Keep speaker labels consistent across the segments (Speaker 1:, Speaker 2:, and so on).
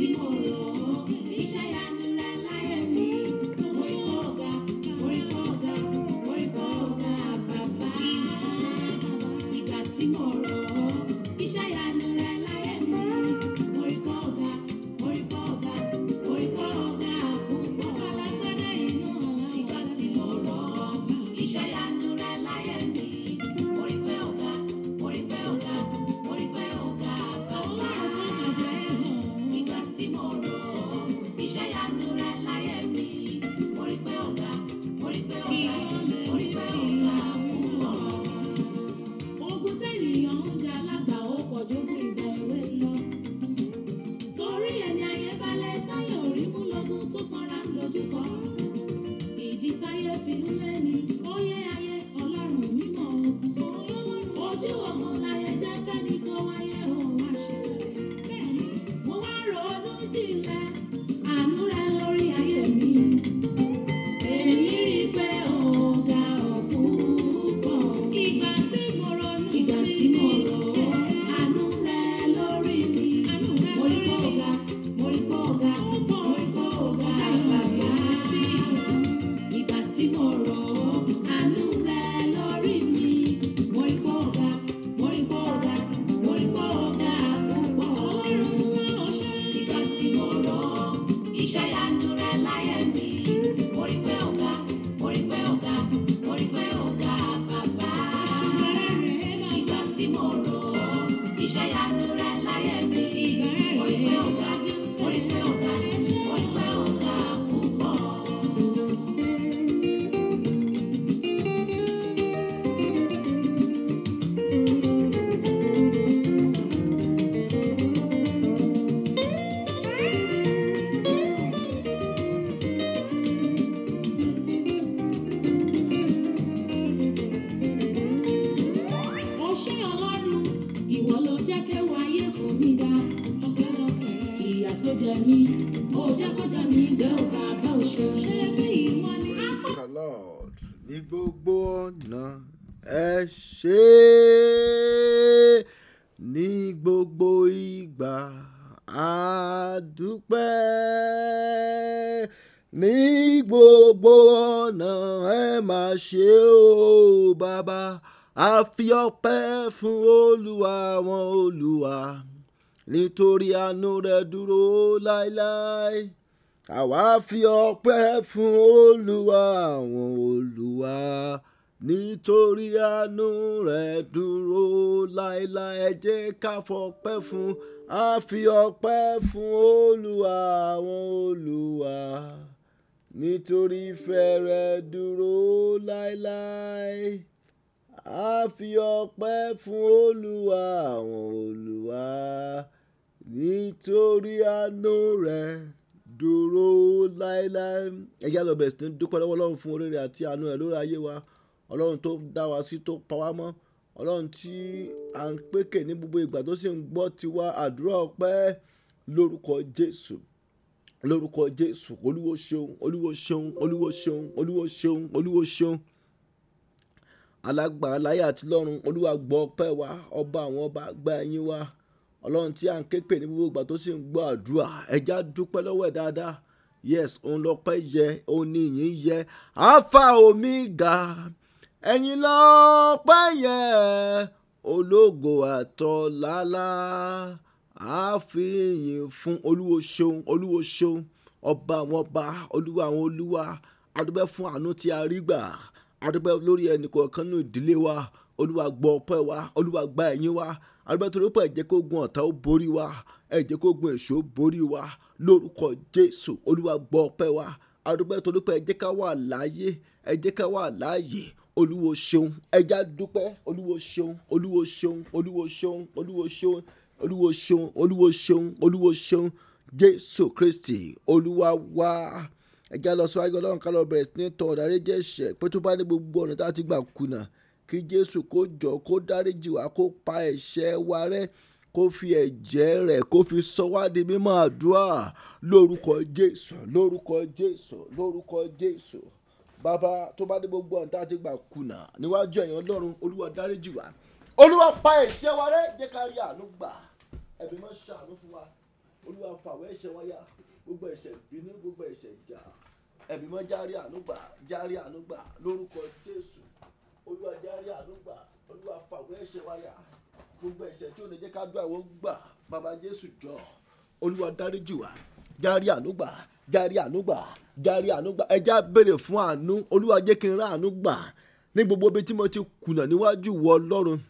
Speaker 1: Sí,
Speaker 2: a fi ọpẹ́ fún olúwa àwọn olúwa nítorí àánú rẹ̀ dúró láéláé àwa fi ọpẹ́ fún olúwa àwọn olúwa nítorí àánú rẹ̀ dúró láéláé ẹ ká fọpẹ́ fún a fi ọpẹ́ fún olúwa àwọn olúwa nítorí ìfẹ́ dúró láéláé a fi ọpẹ́ fún Olúwa àwọn Olúwa nítorí àánú rẹ̀ dúró láéláé. ẹjẹ́ àlọ́ bẹ̀rẹ̀ sí ní dúpẹ́ lọ́wọ́ Ọlọ́run fún oríire àti àánú rẹ̀ lórí ayé wa Ọlọ́run tó dá wa sí tó pa wá mọ́ Ọlọ́run tí à ń pékè ní gbogbo ìgbà tó sì ń gbọ́ tiwa àdúrà ọpẹ́ lórúkọ Jésù lórúkọ Jésù olúwo ṣeun olúwo ṣeun olúwo ṣeun olúwo ṣeun olúwo ṣeun alágbà aláyà àti lọ́run olúwa gbọ́ ọpẹ́ wa ọba àwọn ọba gba ẹyin wa ọlọ́run tí à ń képe ní gbogbo ìgbà tó sì ń gbọ́ àdúrà ẹja dúpẹ́ lọ́wọ́ ẹ̀ dáadáa yes òun lọ́pẹ́ yẹ òun ní ìyìn yẹ alpha omega ẹ̀yin lọ́pẹ́ yẹ ológo àtọ̀lálá àfihàn fún olúwo ṣeun olúwo ṣeun ọba àwọn ọba olúwa àwọn olúwa adúpẹ́ fún àánú tí a rí gbà adúpẹ́ lórí ẹnì kọ̀ọ̀kan nínú ìdílé wa olúwa gbọ́ ọpẹ́ wa olúwa gba ẹ̀yìn wa adúpẹ́ torí pé ẹ̀jẹ̀ kó gun ọ̀tá ó borí wa ẹ̀jẹ̀ kó gun èṣù ó borí wa lórúkọ jésù olúwa gbọ́ ọpẹ́ wa adúpẹ́ torí pé ẹ̀jẹ̀ ká wà láàyè ẹ̀jẹ̀ ká wà láàyè olúwo ṣeun ẹ̀jẹ̀ adúpẹ́ olúwo ṣeun olúwo ṣeun olúwo ṣeun olúwo ṣeun olúwo ṣeun olúwo ṣeun olúwo ṣeun jésù kristi olúwa wá ẹja lọ síwájú ọlọ́run ká lọ bẹ̀rẹ̀ sí ní tọ ọ̀dárí jẹ́ ẹ̀ṣẹ̀ pé tó bá ní gbogbo ọ̀nà tá a ti gbà kùnà kí jésù kó jọ kó dáríjì wá kó pa ẹ̀ṣẹ̀ wa rẹ́ kó fi ẹ̀jẹ̀ rẹ̀ kó fi sọ wá di mímọ́ àdúrà lórúkọ jésù lórúkọ jésù lórúkọ jésù bàbá tó bá ní gbogbo ọ̀nà tá a ti gbà kùnà níwájú ẹ̀yàn ọlọ́run olúwa dáríjì wá olúwa pa ẹ̀ṣẹ̀ wa rẹ́ jẹ́ ká rí àánú gbà ẹ̀mí mọ́ ṣàánú fún wa olúwa fàwọ̀ ẹ̀ṣẹ̀ wa yá gbogbo ẹ̀ṣẹ̀ bínú gbogbo ẹ̀ṣẹ̀ jà ẹ̀mí mọ́ járí ànúgbà járí ànúgbà lórúkọ jésù olúwa járí ànúgbà olúwa fàwọ́ ẹ̀ṣẹ̀ wáyà gbogbo ẹ̀ṣẹ̀ tí ò ní jẹ́ ká dúà wọ́n gbà bàbá jésù jọ olúwa dáríjì wá járí ànúgbà járí ànúgbà járí ànúgbà ẹja béèrè fún àánú olúwa jẹ́ kí n rá àánú gbà ní gbogbo ibi tí mo ti kùnà níwájú wọ ọlọ́run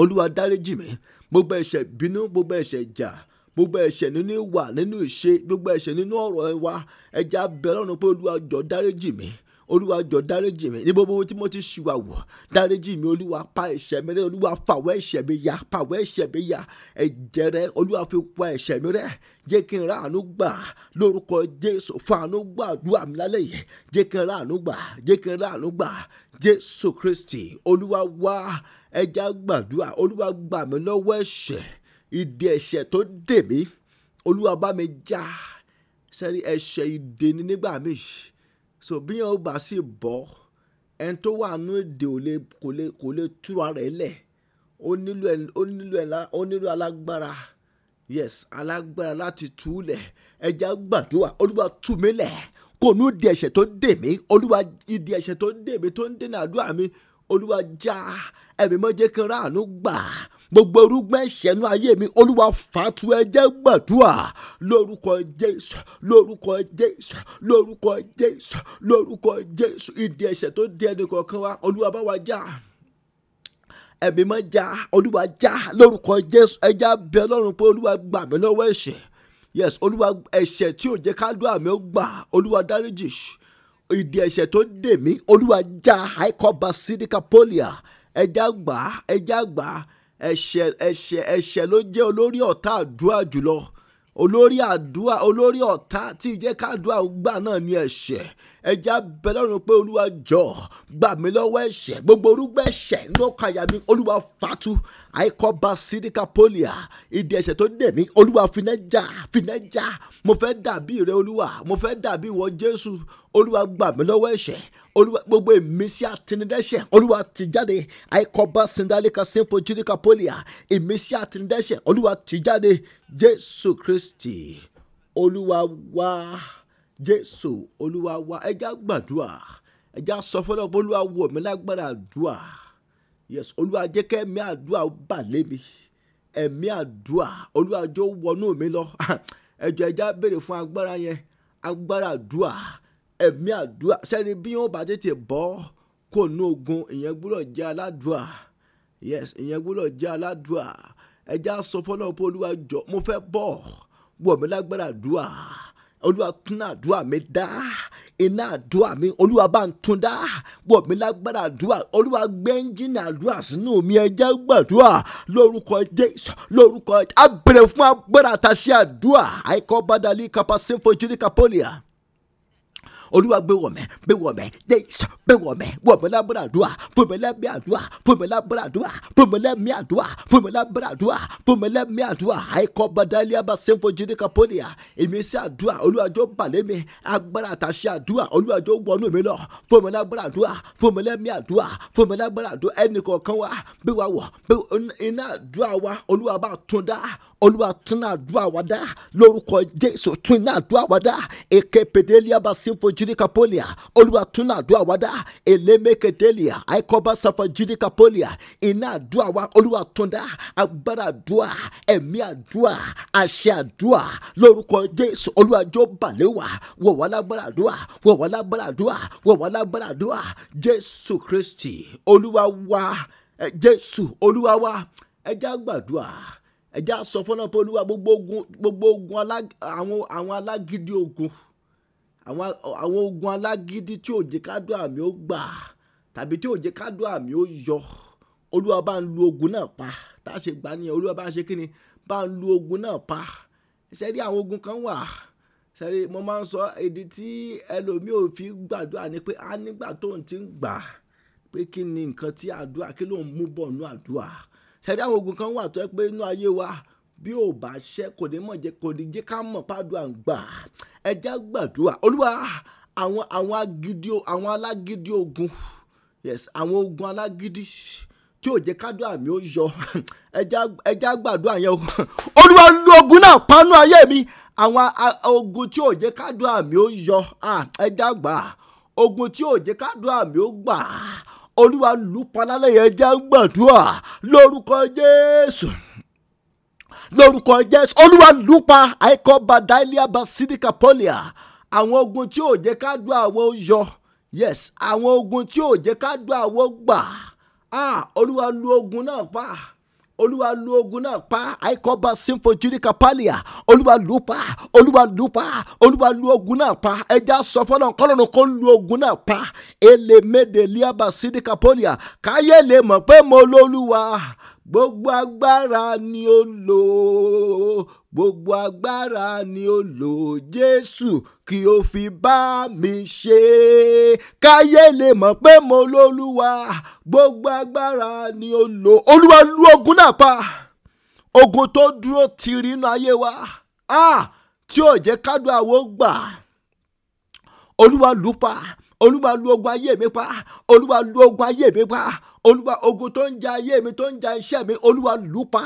Speaker 2: olúwa dáríjì mi gbogbo ẹ̀ṣẹ̀ bínú gbogbo ẹ̀ṣẹ̀ jà gbogbo ẹ̀ṣẹ̀ nínú ìwà nínú ìṣe gbogbo ẹ̀ṣẹ̀ nínú ọ̀rọ̀ wa ẹja bẹ lọ́run pé olúwa jọ dáríjì mi olúwa jọ dáríjì mi ní gbogbo tí mo ti ṣùwà wọ̀ dáríjì mi olúwa pa ẹ̀ṣẹ̀ mi rẹ́ olúwa fàwọ́ ẹ̀ṣẹ̀ mi ya fàwọ́ ẹ̀ṣẹ̀ mi ya ẹ̀jẹ̀ rẹ olúwa fi pa ẹ̀ṣẹ̀ mi rẹ́ jẹ́ kí n ra àánú gbà lórúkọ jésù fàánú gbàdúrà mi lálẹ́ yìí jẹ́ kí n ra àánú gbà jẹ́ kí n ra àánú gbà jésù kristi olúwa wá ẹja gbàdúrà olúwa gbà mí lọ́wọ́ ẹ̀ṣẹ̀ ìdè ẹ̀ṣẹ̀ tó dè mí olúwa bá mi já sẹ́rí ẹ̀ṣẹ̀ ìdè ni nígbà míì so bí yẹn ó bá sì bọ́ ẹni tó wà nínú ìdè kò lè túra rẹ̀ lẹ̀ ó nílò alágbára yes alágbára láti tú lẹ̀ ẹja gbàdúrà olúwa tú mi lẹ̀ kò ní ìdè ẹ̀ṣẹ̀ tó dè mí olúwa ìdè ẹ̀ṣẹ̀ tó dè mí tó ń dènà àdúrà mi olúwa já ẹ̀mí mọ́ jẹ́ ráàánú gbà gbogbo orúgbẹ́ ìṣẹ́nu ayé mi olúwa fàtú ẹjẹ́ gbàdúrà lórúkọ jésù lórúkọ jésù lórúkọ jésù lórúkọ jésù ìdí ẹ̀ṣẹ̀ tó di ẹnì kọ̀ọ̀kan wa olúwa bá wa já ẹ̀mí mọ́ já olúwa já lórúkọ jésù ẹjẹ́ abẹ́ ọlọ́run pé olúwa gbà mí lọ́wọ́ ẹ̀ṣẹ̀ yes olúwa ẹ̀ṣẹ̀ tí ò jẹ́ ká lọ́ àmì ó gbà olúwa dáríjì ìdí ẹ̀ṣẹ̀ tó dè mí olúwa já àìkọ́ba sídìkà pólíà ẹjẹ́ àgbà ẹjẹ́ àgbà ẹ̀ṣẹ̀ ẹ̀ṣẹ̀ ẹ̀ṣẹ̀ ló jẹ́ olórí ọ̀tá àdúrà jùlọ olórí àdúrà olórí ọ̀tá tí ìjẹ́ kádùá gbà náà ni ẹ̀ṣẹ̀ ẹja bẹ lọ́rùn pé olúwa jọ gbà mí lọ́wọ́ ẹ̀ṣẹ̀ gbogbo orúgbọ́ ẹ̀ṣẹ̀ nínú ọkàn àyà mi olúwa fatu àìkọ́ba síríkà pólíà ìdí ẹ̀ṣẹ̀ tó dẹ̀ mí olúwa fìnẹ́jà fìnẹ́jà mo fẹ́ dàbí rẹ olúwa mo fẹ́ dàbí ìwọ jésù olúwa gbà mí lọ́wọ́ ẹ̀ṣẹ̀ olúwa gbogbo ìmísí àtinúdẹ́ṣẹ̀ olúwa ti jáde àìkọ́ba síndálíkà sínfò jíríkà pólíà ìmísí àtinúdẹ́ṣẹ̀ olúwa ti jáde jésù kristi olúwa wá jésù olúwa wá ẹja gbàdúrà ẹja sọ fọlọ́pọ̀ olúwa wọ̀ mí lágbára àdúrà yes olúwa jẹ́ kẹ́ ẹ̀mí àdúrà bà lé mi ẹ̀mí àdúrà olúwa jọ wọnú mi lọ ẹ̀jọ̀ ẹja béèrè fún agbára yẹn agbára àdúrà ẹ̀mí àdúrà sẹ́ni bí wọ́n bá tètè bọ́ kò ní ogun ìyẹn gbúdọ̀ jẹ́ aládùà yes ìyẹn gbúdọ̀ jẹ́ aládùà ẹja sọ fọlọ́pọ̀ olúwa jọ mo fẹ́ bọ́ wọ̀ mí lágbára àdúrà olúwa tún àdúrà mi dá iná àdúrà mi olúwa bá ń tún dá bọ̀ mi lágbára àdúrà olúwa gbé ẹ́ńjìnì àdúrà sínú mi ẹjẹ́ gbàdúrà lórúkọ jésù lórúkọ abẹ̀rẹ̀ fún agbára àtàṣe àdúrà àìkọ́ bàdàlí kapasẹ́fọ́ jùlí kapolia olúwa gbé wọ̀mẹ́ gbé wọ̀mẹ́ jésù gbé wọ̀mẹ́ wọ̀mẹ́ lábẹ́rẹ́ àdúrà fọmẹ́ lẹ́mí àdúrà fọmẹ́ lábẹ́rẹ́ àdúrà fọmẹ́ lẹ́mí àdúrà fọmẹ́ lábẹ́rẹ́ àdúrà fọmẹ́ lẹ́mí àdúrà àìkọ́ bàdálíà bá sẹ́fọ̀ jíde kápónìyà èmi sí àdúrà olúwàjọ́ balẹ̀ mi agbára àtàṣe àdúrà olúwàjọ́ wọnú mi lọ fọmẹ́ lábẹ́rẹ́ àdúrà fọmẹ́ lẹ́mí àdúrà fọmẹ́ lábẹ́rẹ́ àdúrà ẹnì kọ̀ọ̀kan wa bí wa wọ̀ bí iná àdúrà wa olúwa tún náà àdúrà wa lórúkọ jésù tún náà àdúrà wa èké pèdélíà bá sẹ́fọ̀ Jirikapolia pólíà olúwa tún náà àdúrà wa dá elémèkédélìà àìkọ́bá sáfà jírika pólíà iná àdúrà wa olúwa tún dá agbára àdúrà ẹ̀mí àdúrà àṣẹ àdúrà lórúkọ jésù olúwa jó balẹ̀ wá wọ̀ wá lágbára àdúrà wọ̀ wá lágbára àdúrà wọ̀ wá lágbára àdúrà jésù kristi olúwa wa jésù olúwa wa ẹja gbàdúrà ẹja sọ fọlọ́pọ̀ olúwa gbogbo ogun alágídí ogun àwọn ogun alágídí tí òjè kádùn àmì ó gbà tàbí tí òjè kádùn àmì ó yọ olúwa bá ń lu ogun náà pa tá a ṣe gbà ni. olúwa bá ń ṣe kíni bá ń lu ogun náà pa ṣẹ́rí àwọn ogun kan wà ṣẹ́rí mo máa ń sọ èdè tí ẹlòmíì ò fi gbàdúrà ni pé a nígbà tó ń ti ń gbà pé kí ni nǹkan tí àdúrà kí ló ń mú bọ̀ nú àdúrà ṣẹ́rí àwọn ogun kan wà tó yẹ pé inú ayé wa bí ò bá ṣẹ́ kò ní mọ̀ jẹ́ kò ní jẹ́ ká mọ̀ ń gbà ẹja gbàdúrà olúwa àwọn àwọn àwọn alágídí ogun yes àwọn ogun alágídí tí ò jẹ́ kádùn àmì ogun náà panu ayé mi àwọn ogun tí ò jẹ́ kádùn àmì ó yọ ẹja gbà ogun tí ò jẹ́ kádùn àmì ó gbà olúwa lu palálẹ̀ yẹn ẹja gbàdúrà lórúkọ lórúkọ jésù olúwa lupa àìkọ́ badalia basilica polia àwọn ogun tí ò jẹ́ ká dùn àwọn yọ yes àwọn ogun tí ò jẹ́ ká dùn àwọn gbà ah olúwa lu ogun náà pa olúwa lu ogun náà pa àìkọ́ba symphojirica palia olúwa lu pa olúwa lu pa olúwa lu ogun náà pa ẹja sọ fọlọ́n kọ́lọ́nù kó lu ogun náà pa elemede liaba sidica polia káyé lè mọ̀ pé mo lólúwa gbogbo agbára ni ó lò gbogbo agbára ni ó lò jésù kí o fi bá mi ṣe káyé lè mọ̀ pé mo lólúwa gbogbo agbára ni ó lò olúwa lu ogun náà pa ogun tó dúró tìrì inú ayé wa ah tí ò jẹ́ kádùn àwọn gbà olúwa lù pa olúwa lu ogun ayé mi pa olúwa lu ogun ayé mi pa olúwa ogun tó ń ja ayé mi tó ń ja iṣẹ́ mi olúwa lù pa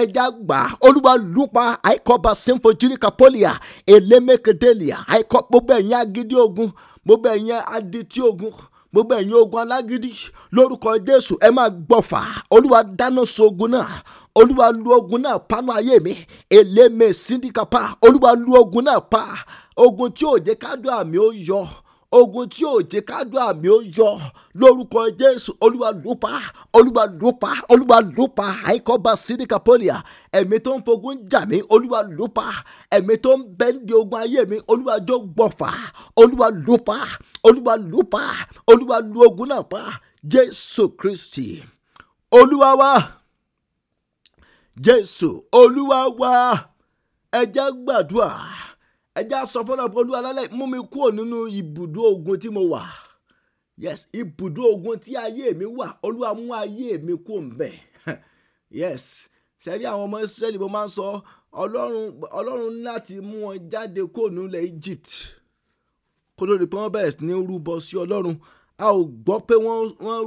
Speaker 2: ẹja gbà olúwa lùpa àìkọba simple polia elémèkédélìà àìkọ gbogbo ẹ̀yin agídí ogun gbogbo ẹ̀yin adití ogun gbogbo ẹ̀yin ogun alágídí lórúkọ jésù ẹ máa gbọ̀fà olúwa dáná sógun náà olúwa lu ogun náà panu ayé mi elémè pa olúwa lu ogun náà pa ogun tí ò jẹ́ ká dùn àmì ó yọ ogun tí ò jẹ́ kádùá mi ó yọ lórúkọ jésù olúwa lópa olúwa lópa olúwa lópa àìkọ́ba síríkà pọ́lìà ẹ̀mí tó ń fogun jà mí olúwa lópa ẹ̀mí tó ń bẹ́ndì ogun ayé mi olúwa jó gbọ̀fà olúwa lópa olúwa lópa olúwa lu ogun náà pa jésù kristi olúwa jésù olúwa wa gbàdúrà ẹjẹ́ a sọ fọlọ́ pé olúwa lálẹ́ mú mi kúrò nínú ibùdó ogun tí mo wà yes ibùdó ogun tí ayé mi wà olúwa mú ayé mi kúrò ńbẹ̀ yes sẹ́rí àwọn ọmọ Ísírẹ́lì mo máa ń sọ ọlọ́run ọlọ́run láti mú wọn jáde kúrò nílẹ̀ Egypt kó lórí pé wọ́n bẹ̀rẹ̀ sí ní sí ọlọ́run a ò gbọ́ pé wọ́n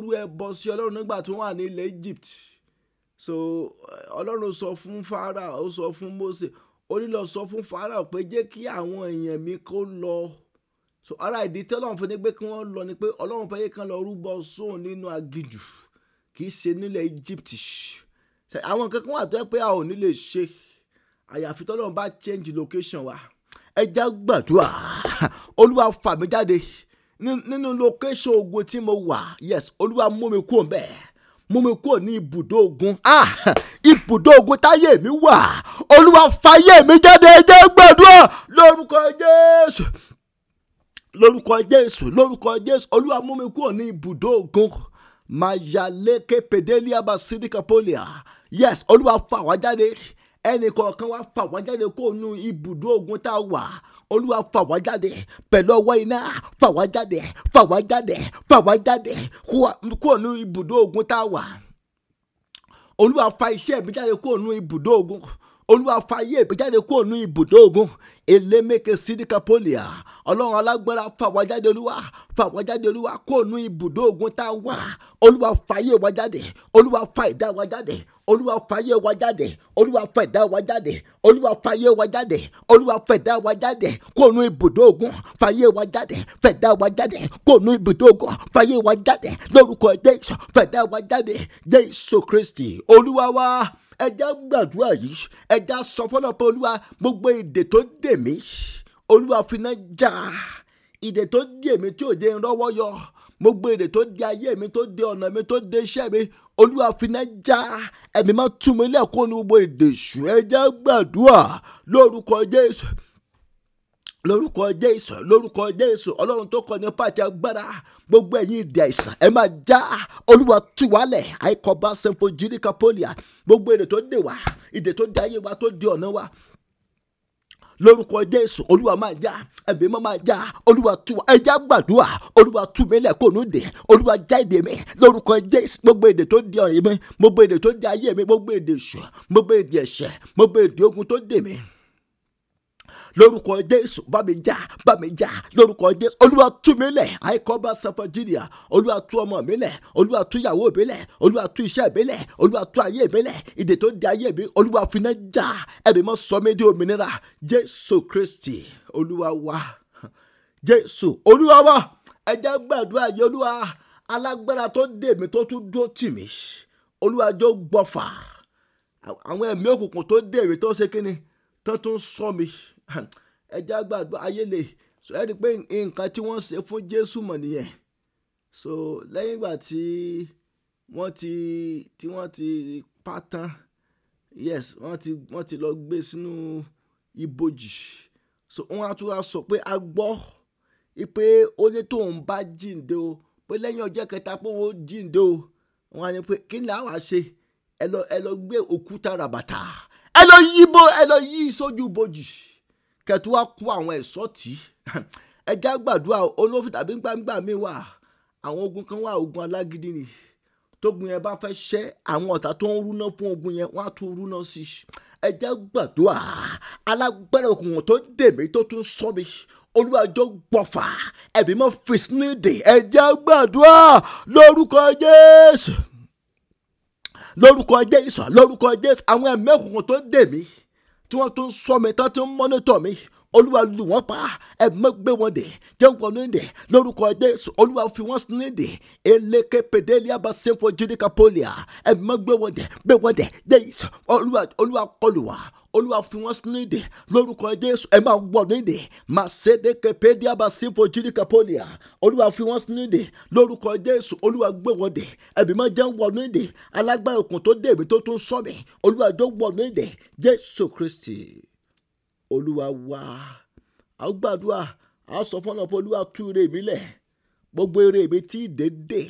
Speaker 2: rú ẹbọ sí ọlọ́run nígbà tí wọ́n wà ní ilẹ̀ Egypt so ọlọ́run sọ fún Fáráò ó sọ fún Mósè ó ní lọ sọ fún Fáráò pé jẹ́ kí àwọn èèyàn mi kó lọ so ara ìdí tí ọlọ́run fi ní pé kí wọ́n lọ ni pé ọlọ́run fẹ́ yé kan lọ rúbọ sóun nínú aginjù kì í ṣe nílẹ̀ Egypt àwọn nǹkan kan wà tó yẹ pé a ò ní lè ṣe àyàfi tọ́lọ́run bá change location wa ẹ jẹ́ gbàdúrà olúwa fà mí jáde nínú location ogun tí mo wà yes olúwa mú mi kúrò bẹ́ẹ̀ mú mi kúrò ní ibùdó ogun ah ibùdó ogun táyé mi wà olúwa fàyè mi jáde ẹjẹ gbàdúrà lórúkọ jésù lórúkọ jésù lórúkọ jésù olúwa mú mi kúrò ní ibùdó ogun mayaleke pedelia basidika yes olúwa fà wá jáde ẹnì kọ̀ọ̀kan wá fà wá jáde kó nu ibùdó ogun tá a wà olúwa fà wá jáde pẹ̀lú ọwọ́ iná fà wá jáde fà wá jáde fà wá jáde kúrò ní ibùdó ogun tá a wà olúwa fà iṣẹ́ mi jáde kúrò ní ibùdó ogun olúwa fà ayé mi jáde kúrò ní ibùdó ogun elémeke sídìkàpọ́lìà ọlọ́run alágbára fà wá jáde olúwa fà wá jáde olúwa kúrò ní ibùdó ogun tá a wà olúwa fà ayé wa jáde olúwa fà ìdá wa jáde olúwa fàyè wa jáde olúwa fẹ̀dá wa jáde olúwa fàyè wa jáde olúwa fẹ̀dá wa jáde kóònù ibùdó ogun fàyè wa jáde fẹ̀dá wa jáde kóònù ibùdó ogun fàyè wa jáde lórúkọ jésù fẹ̀dá wa jáde jésù kristi olúwa wa ẹja gbàdúrà yìí ẹja sọ fọlọpọ olúwa gbogbo èdè tó dè mí olúwa fi jà èdè tó dè mí tí ò dé ń yọ gbogbo èrè tó di ayé mi tó di ọ̀nà mi tó di iṣẹ́ mi olúwa finá já ẹ̀mí máa tú mi lẹ́kọ́ ní gbogbo èdè ṣù ẹja gbàdúrà lórúkọ jésù lórúkọ jésù lórúkọ jésù ọlọ́run tó kọ ní pàtẹ agbára gbogbo ẹ̀yin ìdè àìsàn ẹ máa já olúwa tú wálẹ̀ àìkọ́bá sẹ́fọ̀ jírika pólíà gbogbo èrè tó dè wá ìdè tó di ayé wa tó di ọ̀nà wa lórúkọ jésù olúwa máa já ẹ̀mí máa máa já olúwa tú ẹja gbàdúrà olúwa tú mi lẹ́kọ̀ọ́ lóde olúwa já èdè mi lórúkọ jésù gbogbo èdè tó di ọ̀rẹ́ mi gbogbo èdè tó di ayé mi gbogbo èdè èṣù gbogbo èdè ẹ̀ṣẹ̀ gbogbo èdè ogun tó dè mí lórúkọ jésù bá mi já bá mi já lórúkọ jésù olúwa tú mi lẹ̀ àìkọ́ba sàfàjìnìyà olúwa tú ọmọ mi lẹ̀ olúwa tú ìyàwó mi lẹ̀ olúwa tú iṣẹ́ mi lẹ̀ olúwa tú ayé mi lẹ̀ ìdè tó di ayé mi olúwa finá já ẹ̀mí mọ́ sọ mí di òmìnira jésù kristi olúwa wa jésù olúwa wa ẹ jẹ́ gbàdúrà yìí olúwa alágbára tó dè mí tó tún dúró tì mí olúwa jọ gbọ́fà àwọn ẹ̀mí òkùnkùn tó dè mí tó ṣe kíni tó tún sọ mi. ẹja gbàdúrà ayé lè So ẹ́ rí i pé nǹkan tí wọ́n ṣe fún Jésù mọ̀ nìyẹn so lẹ́yìn ìgbà tí wọ́n ti tí wọ́n ti pa tán yes wọ́n ti wọ́n ti lọ gbé sínú ibojì so wọ́n á tún wá sọ pé a gbọ́ pé ó ní tóun bá jíǹde o pé lẹ́yìn ọjọ́ kẹta pé ó jíǹde o wọ́n á ní pé kí ni àwa ṣe ẹ lọ ẹ lọ gbé òkúta ràbàtà ẹ lọ yí ibo ẹ lọ yí sójú ibojì. So kẹtù wá kó àwọn ẹ̀ṣọ́ tì í ẹjẹ́ àgbàdua olófin tàbí gbangba mi wà àwọn ogun kan wà ogun alágídí ni tógun yẹn bá fẹ́ ṣẹ́ àwọn ọ̀tá tó ń rúná fún ogun yẹn wọ́n á tún rúná sí i ẹjẹ́ àgbàdua alágbára òkùnkùn tó dè mí tó tún sọ mi olúwàjọ gbọ̀fà ẹ̀mí mọ́ fìsínìdè ẹ̀jẹ̀ gbàdúrà lórúkọ jésù lórúkọ jésù lórúkọ jésù àwọn ẹ̀mí tó dè tí wọ́n tó ń sọ mi tán tí ń mọ́nítọ̀ mi olúwa lù wọ́n pa ẹ mọ́ gbé wọn dè jẹ́ wọnú dè lórúkọ jésù olúwa fi wọ́n sílẹ̀ dè eléke pèdélé abasenfo jírika pólíà ẹ mọ́ gbé wọn dè gbé wọn dè dé olúwa olúwa kọlù wa olúwa fi wọn sínú ìdè lórúkọ jésù ẹ máa wọ ní ìdè máa ṣe déke pédé abasi fojiri kapolia olúwa fi wọn sínú ìdè lórúkọ jésù olúwa gbé wọn dè ẹbí máa jẹ́ wọ ní ìdè alágbára òkun tó dé tó tún sọ olúwa jọ wọ ní ìdè jésù kristi olúwa wá a ó gbàdúrà a ó sọ fọ́nà pé olúwa tú ire mi lẹ̀ gbogbo ire mi tí ìdédé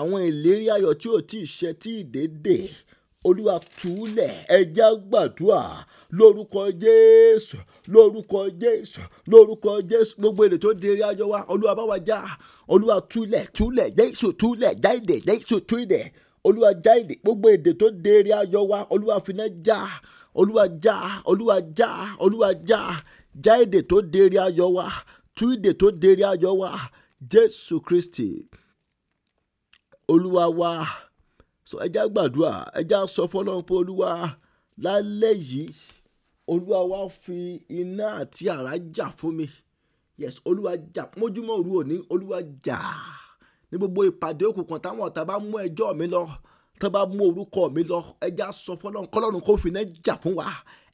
Speaker 2: àwọn ìlérí ayọ̀ tí ò tí ì ṣe tí ìdédé olúwa túlẹ̀ ẹja gbàdúrà lórúkọ jésù lórúkọ jésù lórúkọ jésù gbogbo èrè tó di eré ayọ̀ wa olúwa bá wa já olúwa túlẹ̀ túlẹ̀ jésù túlẹ̀ jáde jésù túlẹ̀ olúwa jáde gbogbo èdè tó di eré ayọ̀ wa olúwa fi náà já. Ja olúwa já olúwa já olúwa já já èdè tó dèrè ayọ̀ wa tú èdè tó dèrè ayọ̀ wa jésù kristi olúwa wa sọ ẹja gbàdúrà ẹja sọ fọlọ́run pé olúwa lálẹ́ yìí olúwa wa fi iná àti àrá jà fún mi yes olúwa jà mójúmọ́ òru òní olúwa jà ní gbogbo ìpàdé òkùnkùn táwọn ọ̀tá bá mú ẹjọ́ mi lọ tó bá mú orúkọ mi lọ ẹja sọ fọlọ́run kọ́lọ́run kó fi náà jà fún wa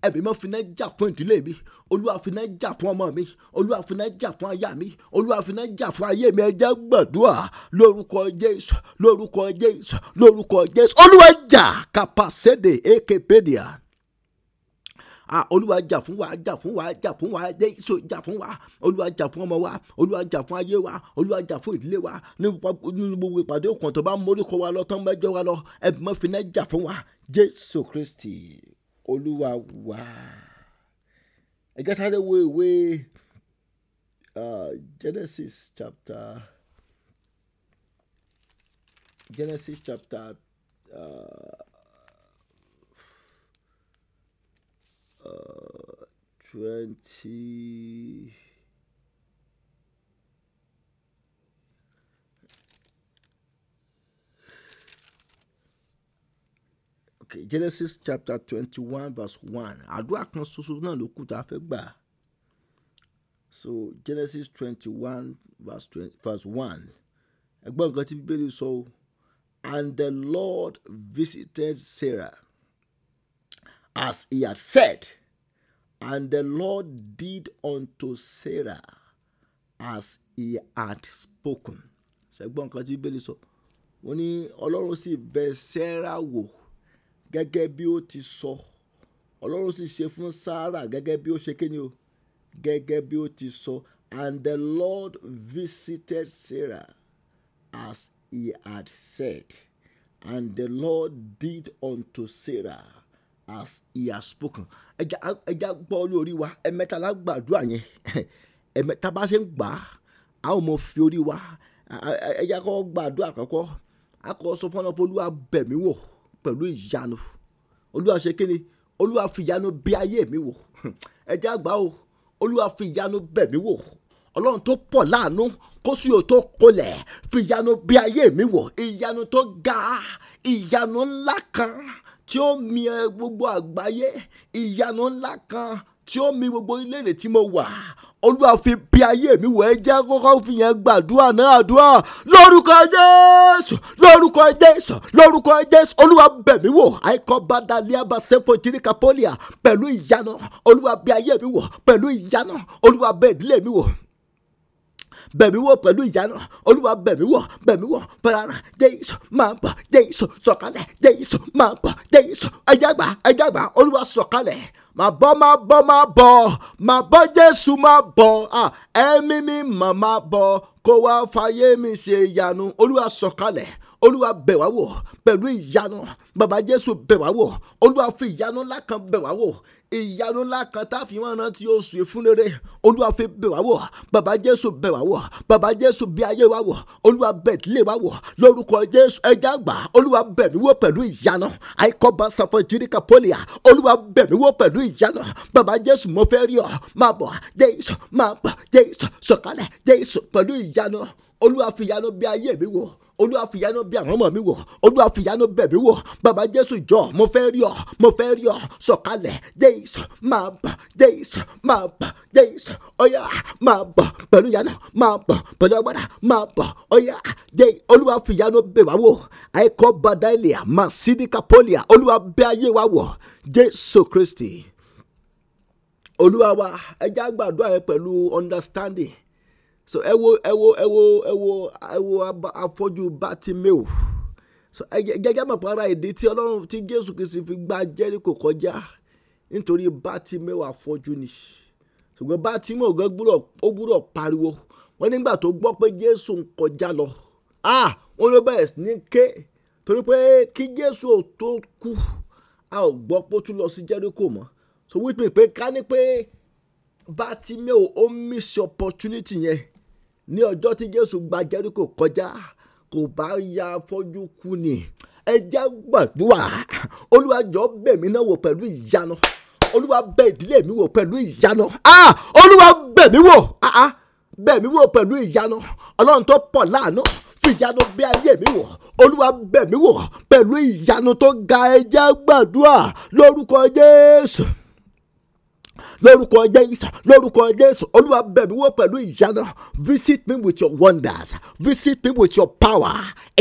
Speaker 2: ẹ̀mí mọ́ fi náà jà fún ìdílé mi olúwa fi náà jà fún ọmọ mi olúwa fi náà jà fún aya mi olúwa fi náà jà fún ayé mi ẹ gbàdúrà lórúkọ jésù lórúkọ jésù lórúkọ jésù olúwa jà kàpàṣẹ́dẹ̀ èkèpédìà ah olúwa jà fún wa jà fún wa jà fún wa jésù jà fún wa olúwa jà fún ọmọ wa olúwa jà fún ayé wa olúwa jà fún ìdílé wa ní gbogbo ìpàdé òkun tó bá móríkọ wa lọ tán mẹjọ wa lọ ẹbí mọ fi náà jà fún wa jésù kristi olúwa wa ẹjẹ sáré wo ìwé ah, genesis chapter genesis chapter. Uh, twenty. Okay, Genesis chapter twenty-one verse one àdúrà kan ṣoṣo náà ló kù tá a fẹ́ gbà so Genesis twenty-one verse twenty verse one ẹgbọ́n nǹkan tí Bíbélì sọ o and the Lord visited Sarah as he had said. And the Lord did unto Sarah as he had spoken. Ṣẹ̀gbọ́n nǹkan tí Bíbélì sọ. Ó ní Ọlọ́run sì bẹ̀ Sarah wò gẹ́gẹ́ bí ó ti sọ. Ọlọ́run sì ṣe fún Sarah gẹ́gẹ́ bí ó ṣe kíni o. Gẹ́gẹ́ bí ó ti sọ. And the Lord visited Sarah as he had said. And the Lord did unto Sarah as he has spoken ẹja gbọ́ olórí wa ẹ̀mẹ́ta la gbàdúrà yẹn ẹ̀mẹ́ta bá ṣe ń gbà á a ò mọ fi orí wa ẹja kọ́ gbàdúrà àkọ́kọ́ a kọ́ sọ fún ọlọ́pàá olúwa bẹ̀ mí wò pẹ̀lú ìyanu olúwa ṣe kíni olúwa fi ìyanu bí ayé mi wò ẹja gbà o olúwa fi ìyanu bẹ̀ mí wò ọlọ́run tó pọ̀ láàánú kó sì yóò tó kolẹ̀ fi ìyanu bí ayé mi wò ìyanu tó ga ìyanu ńlá kan tí ó mi gbogbo àgbáyé ìyanu ńlá kan tí ó mi gbogbo iléèrè tí mo wà olúwa fi bí ayé mi wẹ̀ jẹ́ kọ́kọ́ fi yẹn gbàdúrà náà àdúrà lórúkọ jésù lórúkọ jésù lórúkọ jésù olúwa bẹ̀ mí wò àìkọ́ bá dalẹ́ àbá sẹ́fọ̀ jìríkà pọ́lìà pẹ̀lú ìyanu olúwa bí ayé mi wò pẹ̀lú ìyanu olúwa bẹ̀ ìdílé mi wò bẹ̀mí wò pẹ̀lú ìyanu olúwa bẹ̀mí wò bẹ̀mí wò pẹ̀lára jésù máa ń bọ̀ jésù sọ̀kalẹ̀ jésù máa ń bọ̀ jésù ẹ̀jágbà ẹ̀jágbà olúwa sọ̀kalẹ̀ máa bọ̀ máa bọ̀ máa bọ̀ máa bọ̀ jésù máa bọ̀ ẹ̀mí mi máa máa bọ̀ kó wá fàyè mi ṣe ìyanu olúwa sọ̀kalẹ̀ olúwa bẹ̀ wá wò pẹ̀lú ìyanu bàbá jésù bẹ̀ wá wò olúwa fi ìyanu ńlá kan bẹ̀ wá wò ìyanu ńlá kan tá a fi máa rántí oṣù ìfúnrere olúwa fi bẹ̀ wá wò bàbá jésù bẹ̀ wá wò bàbá jésù bí ayé wa wò olúwa bẹ̀ lé wa wò lórúkọ jésù ẹja àgbà olúwa bẹ̀ mí wò pẹ̀lú ìyanu àìkọ́ba sanfọ jírika pólíà olúwa bẹ̀ mí wò pẹ̀lú ìyanu bàbá jésù mo fẹ́ rí ọ máa bọ̀ jésù máa bọ̀ jésù sọ̀kalẹ̀ jésù pẹ̀lú ìyanu olúwa fi ìyanu bí ayé mi wò olúwa fìyànà bí àwọn ọmọ mi wò olúwa fìyànà bẹ̀ mí wò bàbá jésù jọ mo fẹ́ rí ọ mo fẹ́ rí ọ sọ̀kalẹ̀ jésù máa bọ̀ jésù máa bọ̀ jésù ọ̀yà máa bọ̀ pẹ̀lú yàrá máa bọ̀ pẹ̀lú agbára máa bọ̀ ọ̀yà jẹ́ olúwa bẹ̀ wá wò àìkọ́ badalia masidika polia olúwa bẹ̀ ayé wa wò jésù kristi olúwa wa ẹ já gbàdúrà yẹn pẹ̀lú understanding so ẹ wo ẹ wo ẹ wo ẹ wo ẹ wo afọ́jú Bátíméò so ẹ jẹ́jẹ́ mọ̀ para ìdí tí Ọlọ́run tí Jésù Kristi fi gba Jẹ́ríkò kọjá nítorí Bátíméò afọ́jú ni ṣùgbọ́n Bátíméò gan gbúdọ̀ ó gbúdọ̀ pariwo wọ́n nígbà tó gbọ́ pé Jésù ń kọjá lọ ah wọ́n ló bẹ̀rẹ̀ sí ní ké torí pé kí Jésù ò tó kú a ò gbọ́ pé ó tún lọ sí Jẹ́ríkò mọ́ so wípé pé ká ní pé Bátíméò ó miss opportunity yẹn ní ọjọ́ tí jésù gba jẹ́ríkò kọjá kò bá ya fọ́jú kú ni ẹ jẹ́ gbàdúrà olúwa jọ̀ọ́ bẹ̀ mí náà wò pẹ̀lú ìyanu olúwa bẹ̀ ìdílé mi wò pẹ̀lú ìyanu ah olúwa bẹ̀ mí wò ah ah bẹ̀ mí wò pẹ̀lú ìyanu ọlọ́run tó pọ̀ láàánú fìyanu bí ayé mi wò olúwa bẹ̀ wò pẹ̀lú ìyanu tó ga ẹ jẹ́ gbàdúrà lórúkọ jésù lórúkọ jésù lórúkọ jésù olúwa bẹ̀ mí wò pẹ̀lú ìyanu visit me with your wonders visit me with your power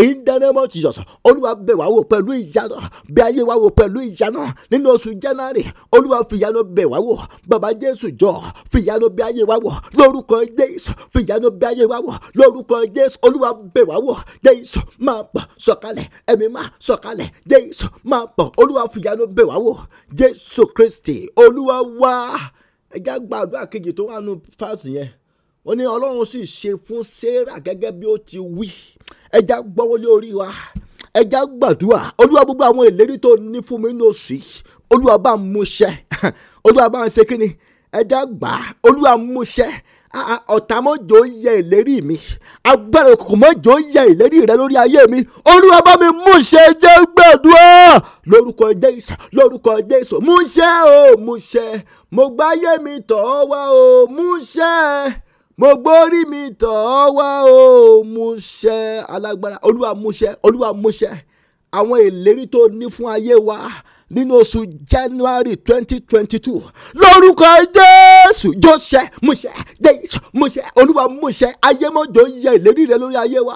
Speaker 2: in the name of jesus olúwa bẹ̀ wá wò pẹ̀lú ìyanu bẹ̀ ayé wa wò pẹ̀lú ìyanu nínú oṣù january olúwa fìyanu bẹ̀ wá wò bàbá jésù jọ fìyanu bẹ̀ ayé wa wò lórúkọ jésù fìyanu bẹ̀ ayé wa wò lórúkọ jésù olúwa bẹ̀ wá wò jésù máa bọ̀ sọ̀kalẹ̀ ẹ̀mí máa sọ̀kalẹ̀ jésù máa bọ̀ olúwa fìyanu bẹ̀ wá wò jésù kristi olúwa wá ẹja gbàdúrà kejì tó wà nù fásì yẹn ó ní ọlọ́run sì ṣe fún sarah gẹ́gẹ́ bí ó ti wí ẹja gbọ́wọ́lé orí wa ẹja gbàdúrà olúwa gbogbo àwọn ìlérí tó ní fún mi ní oṣù yìí olúwa bá ń múṣẹ olúwa bá ń ṣe kíni ẹja gbà olúwa múṣẹ ọ̀tá mọ́jọ́ yẹ ìlérí mi agbára òkùnkùn mọ́jọ́ yẹ ìlérí rẹ lórí ayé mi olúwa bá mi mú ṣe jẹ́ gbàdúrà lórúkọ jésù lórúkọ jésù mú ṣe o mú ṣe mo gbáyé mi tọ̀ ọ́ wá o mú ṣe mo gbórí mi tọ̀ ọ́ wá o mú ṣe alágbára olúwa mú ṣe olúwa mú ṣe àwọn ìlérí tó ní fún ayé wa nínú oṣù january twenty twenty two lórúkọ jésù jọ́ṣẹ́ múṣẹ́ jésù múṣẹ́ olúwa múṣẹ́ ayémọ́jọ́ yẹ ìlérí rẹ lórí ayé wa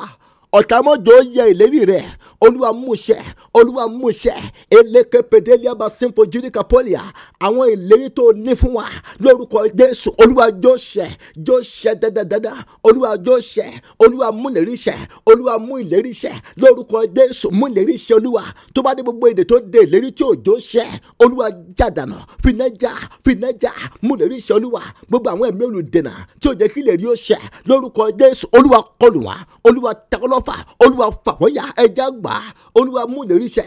Speaker 2: ọ̀tàmọ́jọ́ yẹ ìlérí rẹ̀ olúwa múṣẹ olúwa múṣẹ eléke pedeli abasinfo judika polia àwọn ìlérí tó ní fún wa lórúkọ jésù olúwa jọ ṣẹ jọ ṣẹ dáadáa olúwa jọ ṣẹ olúwa mú ìlérí ṣẹ olúwa mú ìlérí ṣẹ lórúkọ jésù mú ìlérí ṣẹ olúwa tó bá dé gbogbo èdè tó dé ìlérí tí òjò ṣẹ olúwa jàdánà fìnẹjà fìnẹjà mú ìlérí ṣẹ olúwa gbogbo àwọn ẹ̀mí olùdènà tí òjò kí ìlérí ó ṣẹ lórúkọ jésù olúwa kọlù wá olúwa takọlọ fà olúwa fà wọ́n yá ẹja gbà á olúwa mú ìlérí ṣẹ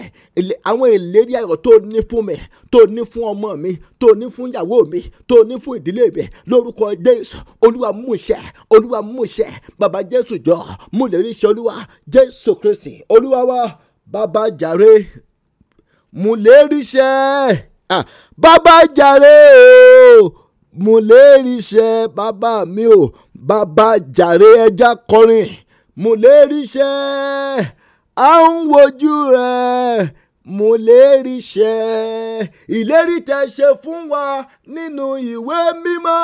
Speaker 2: àwọn ìlérí ayọ̀ tó ní fún mi tó ní fún ọmọ mi tó ní fún ìyàwó mi tó ní fún ìdílé mi lórúkọ jésù olúwa mú ṣẹ olúwa mú ṣẹ bàbá jésù jọ mú ìlérí ṣẹ olúwa jésù kristi olúwa wa Baba jàre mú ìlérí ṣẹ Baba jàre o mo lè rí iṣẹ́ bàbá mi o bàbá jàre ẹja kọrin mo lè ríṣẹ́ à ń wojú rẹ̀ mo lè ríṣẹ́ ìlérí tẹ́ ṣe fún wa nínú ìwé mímọ́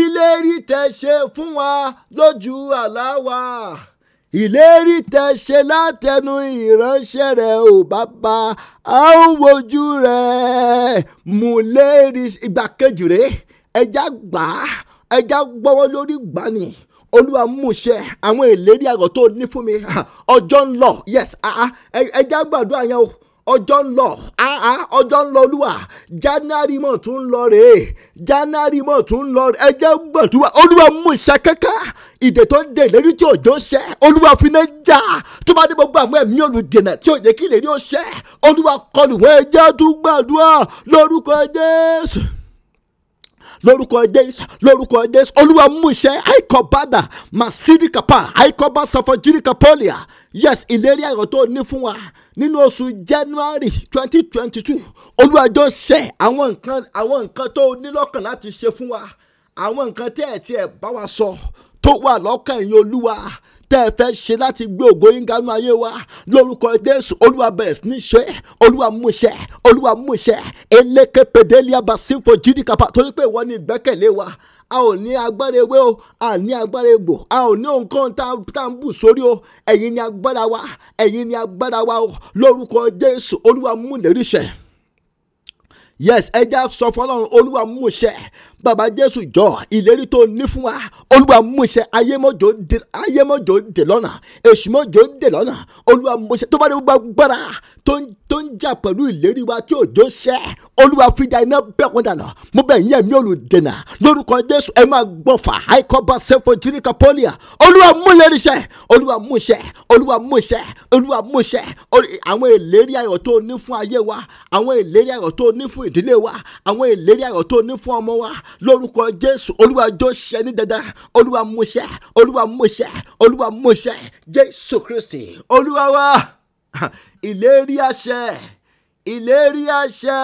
Speaker 2: ìlérí tẹ́ ṣe fún wa lójú àlá ìlérí tẹ́ ṣe látẹnu ìránṣẹ́ rẹ̀ ò bàbá à ń wojú rẹ̀ mo lè rí ìgbà kejì rẹ̀ ẹja gbà á ẹja gbọ́wọ́ lórí gbani olúwa múṣẹ àwọn ìlérí àgọ́ tó ní fún mi ọjọ́ ń lọ yes ẹjẹ́ àgbàdua yẹn o ọjọ́ ń lọ ọjọ́ ń lọ olúwa january mọ̀ tún ń lọ rèé january mọ̀ tún ń lọ rèé ẹjẹ́ gbàdúrà olúwa mú iṣẹ́ kankan ìdè tó ń dè lérí tí òjò ṣẹ olúwa fi ní jà tó bá dé gbogbo àwọn ẹ̀mí olùdènà tí òjò kí lè rí ó ṣẹ olúwa kọlù wọn ẹjẹ́ tún gbàdúrà lórúkọ jésù lórúkọ jésù lórúkọ jésù olúwa mú iṣẹ́ àìkọ́bádà màsíríkàpá àìkọ́bá sàfọ̀jírìkàpọ́lìà yes ìlérí ayọ̀ tó ní fún wa nínú oṣù january twenty twenty two olúwa jọ ṣe àwọn nǹkan àwọn nǹkan tó ní lọ́kàn láti ṣe fún wa àwọn nǹkan tẹ́ ẹ̀ tí ẹ̀ bá wa sọ tó wà lọ́kàn yín olúwa tẹ́ ẹ fẹ́ ṣe láti gbé ògo yín ganu ayé wa lórúkọ jésù olúwa bẹ̀rẹ̀ sí ní ṣe olúwa mú ṣe olúwa mú ṣe eléke pèdélé abasinfo jìdìkàpá torí pé ìwọ ni ìgbẹ́kẹ̀lé wa a ò ní agbára ewé o a ní agbára egbò a ò ní nǹkan tá ń bù sórí o ẹ̀yin ni agbára wa ẹ̀yin ni agbára wa o lórúkọ jésù olúwa mú lérí ṣẹ yes ẹ já sọ fọlọ́run olúwa mú ṣẹ Baba jésù jọ ìlérí tó ní fún wa olúwa múṣẹ ayémọ́jọ́ dè ayémọ́jọ́ dè lọ́nà èṣùmọ́jọ́ dè lọ́nà olúwa múṣẹ tó bá dé gbogbo agbára tó ń jà pẹ̀lú ìlérí wa tí òjò ṣẹ́ olúwa fìjà iná bẹ́ẹ̀ wọ́n dànù mo bẹ̀ yẹn mi olùdènà lórúkọ jésù ẹ máa gbọ́n fà àìkọ́ba sẹ́fọ̀ jírí kapolia olúwa múlérí ṣẹ olúwa múṣẹ olúwa múṣẹ olúwa múṣẹ àwọn ìlérí ayọ̀ tó ní fún ayé wa àwọn ìlérí ayọ̀ tó ní fún ìdílé wa àwọn ìlérí ayọ̀ tó ní fún ọmọ wa lórúkọ jésù olúwa jó ṣe ní dandan olúwa mú ṣe olúwa mú ṣe olúwa mú ṣe jésù kristi olúwa wa ìlérí àṣẹ ìlérí àṣẹ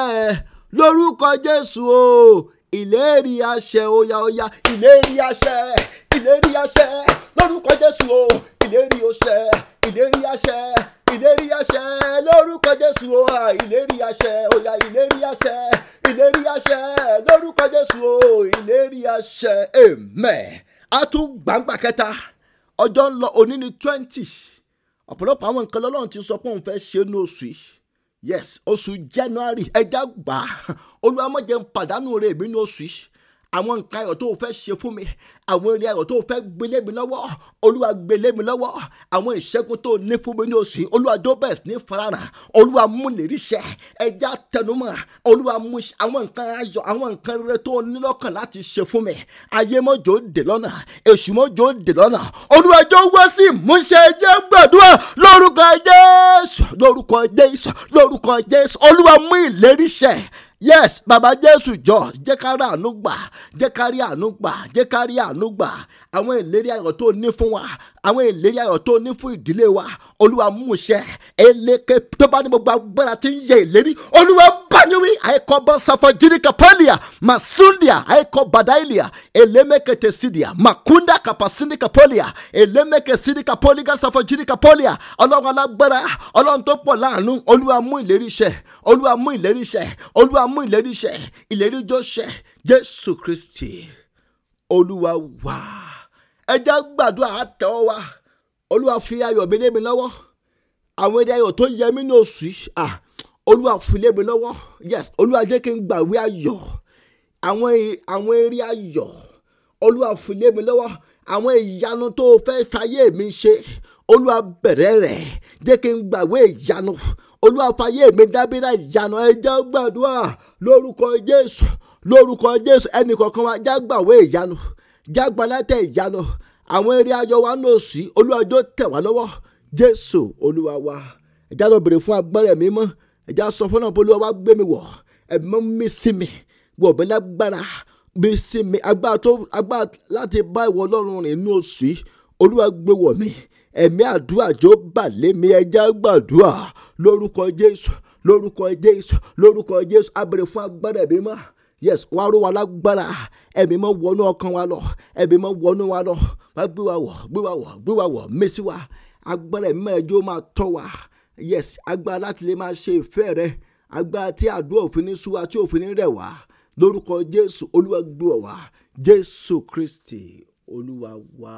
Speaker 2: lórúkọ jésù o ìlérí àṣẹ oya ìlérí àṣẹ ìlérí àṣẹ lórúkọ jésù o ìlérí àṣẹ ìlérí àṣẹ ìlérí àṣẹ lórúkọ Jésù o ìlérí àṣẹ ọ̀yà ìlérí àṣẹ ìlérí àṣẹ lórúkọ Jésù o ìlérí àṣẹ amen a tún gbàǹgbà kẹta ọjọ́ ń lọ òní ní twenty ọ̀pọ̀lọpọ̀ àwọn nǹkan lọ́lọ́run ti sọ pé òun fẹ́ ṣe ní oṣù yìí yes oṣù January ẹja gbà á olúwa má jẹ́ n rẹ̀ mí ní oṣù yìí àwọn nǹkan ayọ̀ tó o fẹ́ ṣe fún mi àwọn eré ayọ̀ tó o fẹ́ gbélé mi lọ́wọ́ olúwa gbélé mi lọ́wọ́ àwọn ìṣẹ́gun tó o ní fún mi ní oṣù yìí olúwa jobes ní farahàn olúwa múniríṣẹ́ ẹja tẹnumọ́ olúwa mú àwọn nǹkan ayọ̀ àwọn nǹkan rere tó o ní lọ́kàn láti ṣe fún mi ayé mọ́jọ́ dè lọ́nà èṣù mọ́jọ́ dè lọ́nà olúwa jọ wá sí ìmúṣẹ ẹjẹ gbàdúrà lórúkọ Jésù lórúkọ Jésù lórúkọ Jésù olúwa mú ìlérí yes baba jésù jọ jẹ́ ká rí àánú gbà jẹ́ ká rí àánú gbà jẹ́ ká rí àánú gbà àwọn ìlérí ayọ̀ tó ní fún wa àwọn ìlérí ayọ̀ tó ní fún ìdílé wa olúwa mú iṣẹ́ eléke tó bá ní gbogbo agbára tí ń yẹ ìlérí olúwa January haiko bansafajiri kapalia masundia haiko badailia elemeke tesidia makunda kapasini kapolia elemeke sini kapoliga safajiri kapolia ọlọ́run alágbára ọlọ́run tó pọ̀ láàánú olúwa mú ìlérí iṣẹ́ olúwa mú ìlérí iṣẹ́ olúwa mú ìlérí iṣẹ́ ìlérí jọ ṣẹ jésù kristi olúwa wá ẹjẹ gbàdúrà àtẹwọ́ wa olúwa fi ayọ̀ mi lé mi lọ́wọ́ àwọn èdè ayọ̀ tó yẹ mí ní oṣù yìí olúwa fìlẹ̀ mi lọ́wọ́ yes olúwa jẹ́ kí n gbàwé ayọ̀ àwọn àwọn eré ayọ̀ olúwa fìlẹ̀ mi lọ́wọ́ àwọn ìyanu tó fẹ́ fayé mi ṣe olúwa bẹ̀rẹ̀ rẹ̀ jẹ́ kí n gbàwé ìyanu olúwa fayé mi dábìrà ìyanu ẹjẹ́ gbàdúrà lórúkọ jésù lórúkọ jésù ẹnì kọ̀ọ̀kan wa jágbàwé ìyanu jágbàlátẹ̀ ìyanu àwọn eré ayọ̀ wa náà sí olúwa jọ tẹ̀ wá lọ́wọ́ jésù olúwa wa ìjà lọ bèrè fún agbára ẹ̀mí mọ́ ẹ̀já sọ fún náà polówó wá gbé mi wọ̀ ẹ̀mọ́ mi sí mi wọ̀ mí lágbára mi sí mi agbára tó agbára láti bá ìwọ ọlọ́run rìn inú oṣù yìí olúwa gbé wọ̀ mí ẹ̀mí àdúrà jó bà lé mi ẹ̀já gbàdúrà lórúkọ jésù lórúkọ jésù lórúkọ jésù abèrè fún agbára ẹ̀mí mọ́ yes wá ró wa lágbára ẹ̀mí mọ́ wọnú ọkàn wa lọ ẹ̀mí mọ́ wọnú wa lọ wá gbé wa wọ̀ gbé wa wọ̀ gbé wa wọ̀ mí sí wa agbára ẹ̀mí mọ́ ẹ̀jọ́ máa tọ́ wa yes agbára láti lè máa ṣe ìfẹ́ rẹ agbára tí àdúrà òfin ní súwa tí òfin ní rẹ̀ wá lórúkọ jésù olúwa gbọ́ wá jésù kristi olúwa wá.